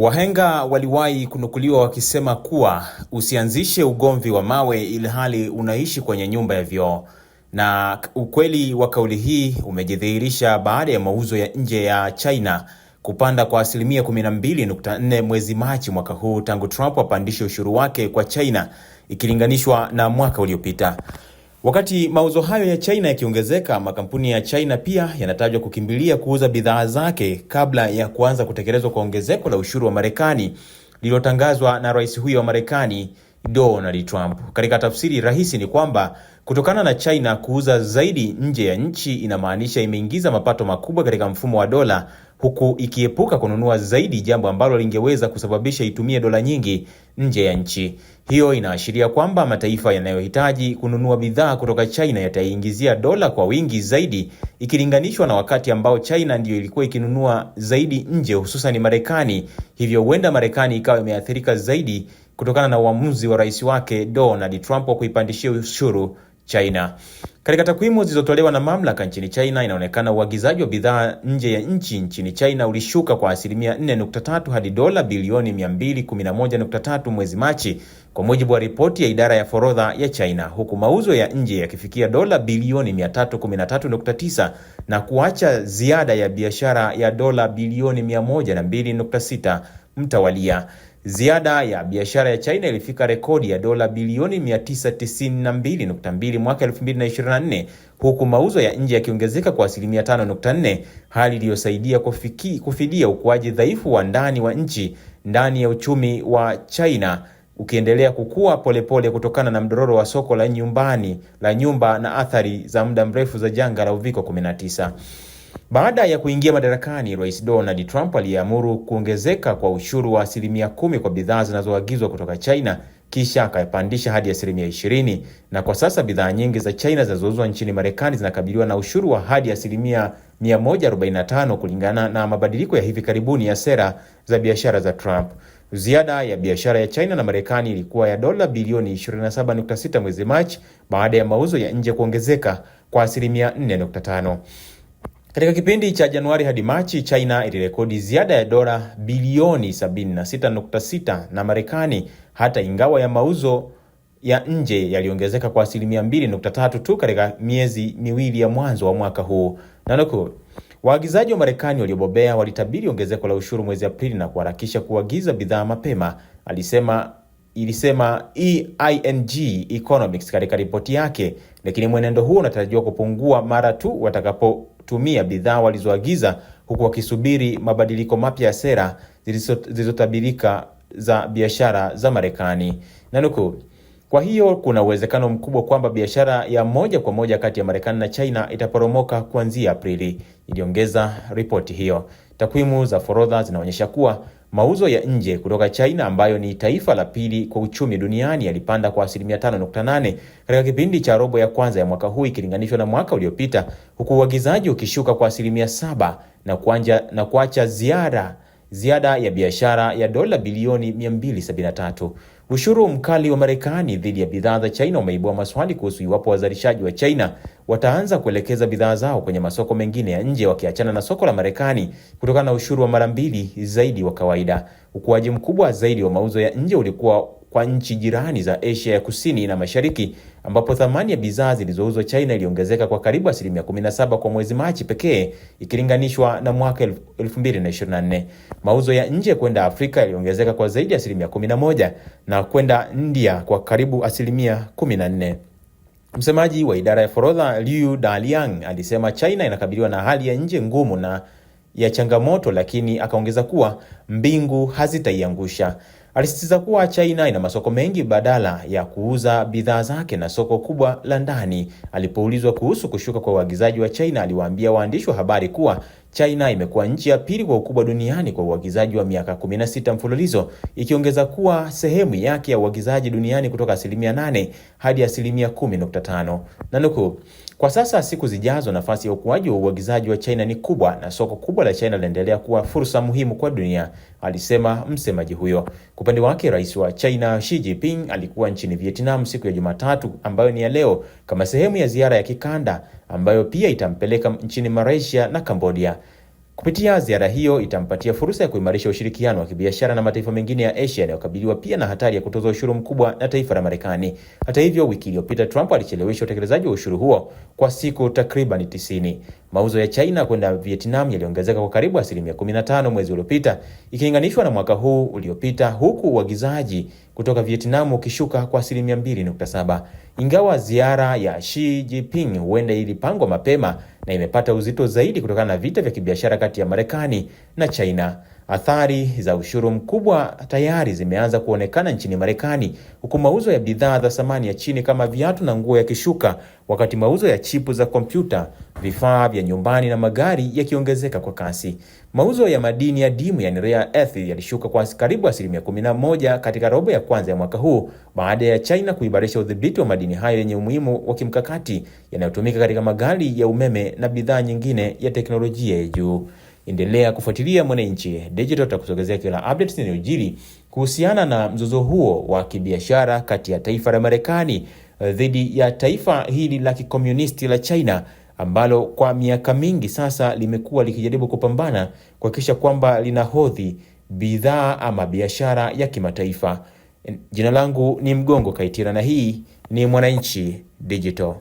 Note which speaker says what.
Speaker 1: Wahenga waliwahi kunukuliwa wakisema kuwa usianzishe ugomvi wa mawe ilhali unaishi kwenye nyumba ya vioo, na ukweli wa kauli hii umejidhihirisha baada ya mauzo ya nje ya China kupanda kwa asilimia 12.4 mwezi Machi mwaka huu tangu Trump apandishe ushuru wake kwa China ikilinganishwa na mwaka uliopita. Wakati mauzo hayo ya China yakiongezeka, makampuni ya China pia yanatajwa kukimbilia kuuza bidhaa zake kabla ya kuanza kutekelezwa kwa ongezeko la ushuru wa Marekani lililotangazwa na rais huyo wa Marekani Donald Trump. Katika tafsiri rahisi ni kwamba kutokana na China kuuza zaidi nje ya nchi inamaanisha imeingiza mapato makubwa katika mfumo wa dola huku ikiepuka kununua zaidi, jambo ambalo lingeweza kusababisha itumie dola nyingi nje ya nchi. Hiyo inaashiria kwamba mataifa yanayohitaji kununua bidhaa kutoka China yataiingizia dola kwa wingi zaidi ikilinganishwa na wakati ambao China ndiyo ilikuwa ikinunua zaidi nje, hususan Marekani. Hivyo huenda Marekani ikawa imeathirika zaidi kutokana na uamuzi wa rais wake Donald Trump wa kuipandishia ushuru China. Katika takwimu zilizotolewa na mamlaka nchini China inaonekana uagizaji wa bidhaa nje ya nchi nchini China ulishuka kwa asilimia 4.3 hadi dola bilioni 211.3 mwezi Machi, kwa mujibu wa ripoti ya idara ya forodha ya China, huku mauzo ya nje yakifikia dola bilioni 313.9 na kuacha ziada ya biashara ya dola bilioni 102.6 mtawalia. Ziada ya biashara ya China ilifika rekodi ya dola bilioni 992.2 mwaka 2024 huku mauzo ya nje yakiongezeka kwa asilimia 5.4, hali iliyosaidia kufidia ukuaji dhaifu wa ndani wa nchi. Ndani ya uchumi wa China ukiendelea kukua polepole kutokana na mdororo wa soko la nyumbani la nyumba na athari za muda mrefu za janga la Uviko 19. Baada ya kuingia madarakani, Rais Donald Trump aliamuru kuongezeka kwa ushuru wa asilimia kumi kwa bidhaa zinazoagizwa kutoka China, kisha akapandisha hadi asilimia ishirini, na kwa sasa bidhaa nyingi za China zinazouzwa nchini Marekani zinakabiliwa na ushuru wa hadi asilimia 145 kulingana na mabadiliko ya hivi karibuni ya sera za biashara za Trump. Ziada ya biashara ya China na Marekani ilikuwa ya dola bilioni 27.6 mwezi Machi baada ya mauzo ya nje kuongezeka kwa asilimia 4.5. Katika kipindi cha Januari hadi Machi, China ilirekodi ziada ya dola bilioni 76.6 na Marekani, hata ingawa ya mauzo ya nje yaliongezeka kwa asilimia 2.3 tu katika miezi miwili ya mwanzo wa mwaka huu. nanukuu Waagizaji wa Marekani waliobobea walitabiri ongezeko la ushuru mwezi Aprili na kuharakisha kuagiza bidhaa mapema, alisema ilisema EING Economics katika ripoti yake, lakini mwenendo huo unatarajiwa kupungua mara tu watakapo kutumia bidhaa walizoagiza huku wakisubiri mabadiliko mapya ya sera zilizotabirika za biashara za Marekani. Nanukuu, kwa hiyo kuna uwezekano mkubwa kwamba biashara ya moja kwa moja kati ya Marekani na China itaporomoka kuanzia Aprili, iliongeza ripoti hiyo. Takwimu za forodha zinaonyesha kuwa mauzo ya nje kutoka China ambayo ni taifa la pili kwa uchumi duniani yalipanda kwa asilimia 5.8 katika kipindi cha robo ya kwanza ya mwaka huu ikilinganishwa na mwaka uliopita, huku uagizaji ukishuka kwa asilimia 7 na kuanja, na kuacha ziara ziada ya biashara ya dola bilioni 273. Ushuru mkali wa Marekani dhidi ya bidhaa za China umeibua maswali kuhusu iwapo wazalishaji wa China wataanza kuelekeza bidhaa zao kwenye masoko mengine ya nje wakiachana na soko la Marekani kutokana na ushuru wa mara mbili zaidi wa kawaida. Ukuaji mkubwa zaidi wa mauzo ya nje ulikuwa kwa nchi jirani za Asia ya Kusini na Mashariki ambapo thamani ya bidhaa zilizouzwa China iliongezeka kwa karibu asilimia 17 kwa mwezi Machi pekee ikilinganishwa na mwaka 2024. Mauzo ya nje kwenda Afrika yaliongezeka kwa zaidi ya asilimia 11 na kwenda India kwa karibu asilimia 14. Msemaji wa idara ya forodha Liu Daliang alisema China inakabiliwa na hali ya nje ngumu na ya changamoto, lakini akaongeza kuwa mbingu hazitaiangusha. Alisisitiza kuwa China ina masoko mengi badala ya kuuza bidhaa zake na soko kubwa la ndani. Alipoulizwa kuhusu kushuka kwa uagizaji wa China, aliwaambia waandishi wa habari kuwa China imekuwa nchi ya pili kwa ukubwa duniani kwa uagizaji wa miaka 16 mfululizo, ikiongeza kuwa sehemu yake ya uagizaji duniani kutoka asilimia 8 hadi asilimia 10.5. Na kwa sasa siku zijazo, nafasi ya ukuaji wa uagizaji wa China ni kubwa na soko kubwa la China linaendelea kuwa fursa muhimu kwa dunia, alisema msemaji huyo. Kwa upande wake, rais wa China Xi Jinping alikuwa nchini Vietnam siku ya Jumatatu ambayo ni ya leo kama sehemu ya ziara ya kikanda ambayo pia itampeleka nchini Malaysia na Cambodia. Kupitia ziara hiyo itampatia fursa ya kuimarisha ushirikiano wa kibiashara na mataifa mengine ya Asia yanayokabiliwa pia na hatari ya kutozwa ushuru mkubwa na taifa la Marekani. Hata hivyo, wiki iliyopita Trump alichelewesha utekelezaji wa ushuru huo kwa siku takriban 90. Mauzo ya China kwenda Vietnam yaliongezeka kwa karibu asilimia 15 mwezi uliopita ikilinganishwa na mwaka huu uliopita, huku uagizaji kutoka Vietnam ukishuka kwa asilimia 2.7. Ingawa ziara ya Xi Jinping huenda ilipangwa mapema na imepata uzito zaidi kutokana na vita vya kibiashara kati ya Marekani na China. Athari za ushuru mkubwa tayari zimeanza kuonekana nchini Marekani, huku mauzo ya bidhaa za thamani ya chini kama viatu na nguo yakishuka, wakati mauzo ya chipu za kompyuta, vifaa vya nyumbani na magari yakiongezeka kwa kasi. Mauzo ya madini ya dimu, yani rare earth, yalishuka kwa karibu asilimia 11 katika robo ya kwanza ya mwaka huu baada ya China kuimarisha udhibiti wa madini hayo yenye umuhimu wa kimkakati yanayotumika katika magari ya umeme na bidhaa nyingine ya teknolojia ya juu. Endelea kufuatilia Mwananchi Digital, tutakusogezea kila updates inayojiri kuhusiana na mzozo huo wa kibiashara kati ya taifa la Marekani eh, dhidi ya taifa hili la kikomunisti la China ambalo kwa miaka mingi sasa limekuwa likijaribu kupambana kuhakikisha kwamba linahodhi bidhaa ama biashara ya kimataifa. Jina langu ni Mgongo Kaitira na hii ni Mwananchi Digital.